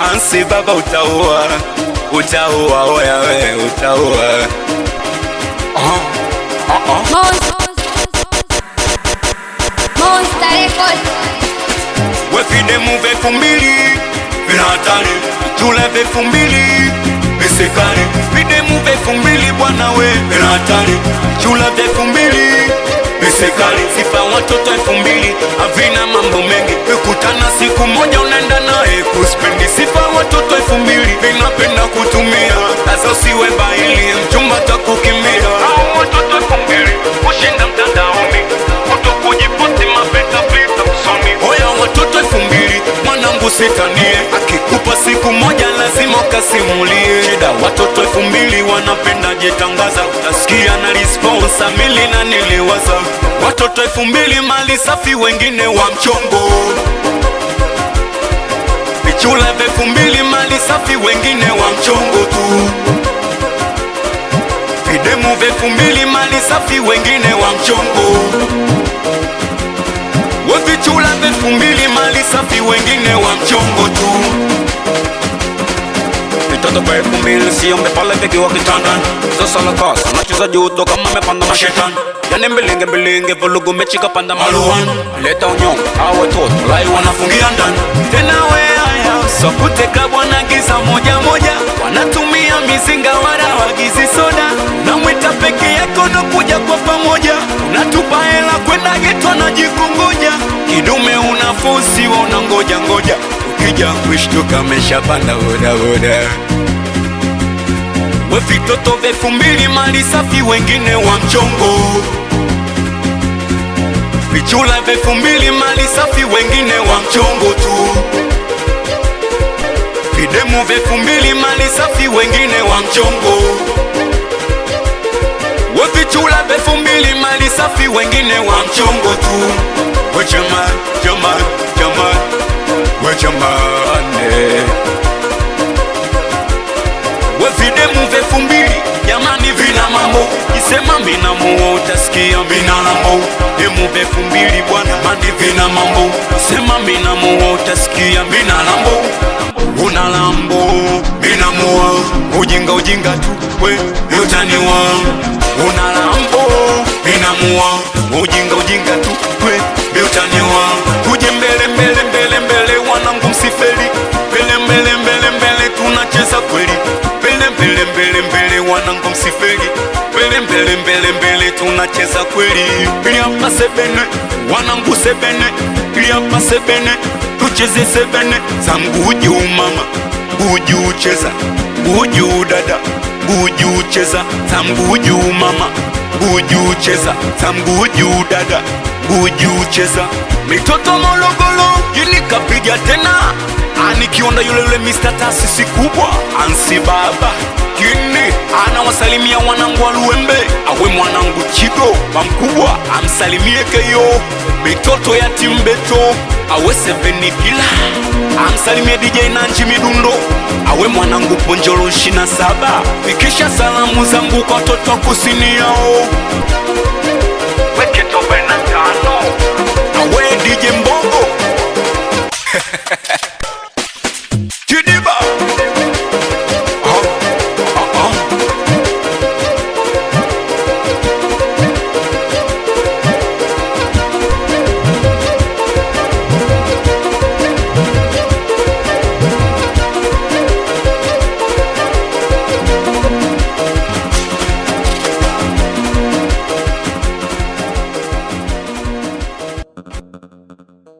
Ansi baba, utaua utaua, oya we utaua. Uh-huh. Uh-huh. Wefidemu elfu mbili vina hatari, elfu mbili elfu mbili bwana we vina hatari, elfu mbili Sifa watoto elfu mbili havina mambo mengi, siku moja unaenda naye kuspendi usiwe baili, mchumba takukimbia au moto takungiri, kushinda mtandaoni, kutokujipoti mapeta pita kusoni. Hoya watoto elfu mbili mwanangu sitanie, akikupa siku moja lazima ukasimulie. Shida watoto elfu mbili wanapenda jitangaza, utasikia na responsa mili na niliwaza watoto elfu mbili mali safi, wengine wa mchongo Chula elfu mbili mali safi, wengine wa mchongo tu. Videmu vyefumili mali safi, wengine wa mchongo vefu vyefumili mali safi, wengine wa mchongo tu mtoto kwa elfu mbili siombe pale viki wa kitandani zosalakasa nacheza juto kama mepanda mashetani yani mbilinge mbilinge vulugu mechika panda maluani leta unyongo awa watoto lai wanafungia ndani tena we haya so kuteka bwana giza moja moja wanatumia mizinga wara wagizi soda Ukienda peke yako kuja kwa pamoja, unatupa hela kwenda geto na jikungoja, kidume unafusi waona ngoja ngoja, ukija kushtuka ameshapanda bodaboda. We vitoto elfu mbili mali safi, wengine wa mchongo vichula elfu mbili mali safi, wengine wa mchongo tu videmu elfu mbili mali safi, wengine wa mchongo safi, wengine wa mchongo tu. We jamani, jamani, jamani, we jamani, we videmu vya fumbili jamani, vina mambo isema mina muo, utasikia mina mambo demu vya fumbili bwana mani vina mambo isema mina muo, utasikia mina mambo una lambo mina muo, ujinga ujinga tu we utani wa una lambo kuamua ujinga ujinga tu we be utaniwa uje mbele mbele mbele mbele wanangu msifeli mbele mbele mbele mbele tunacheza kweli mbele mbele mbele mbele wanangu msifeli mbele mbele mbele mbele tunacheza kweli liapa sebene wanangu sebene liapa sebene tucheze sebene zangu uje mama uje cheza uje dada buju cheza, tangu juu mama, buju cheza, tangu juu dada, buju cheza. Mitoto mologolo jinikapiga tena, anikiona yule yule Mr. kubwa ansi baba kini anawasalimia wanangu aluembe awe mwanangu Chido mamkubwa amsalimie Keyo, mitoto ya Timbeto awe seveni pila amsalimie DJ Nanji Midundo awe mwanangu Ponjolo ishirini saba fikisha salamu zangu kwa toto kusini yao weketobena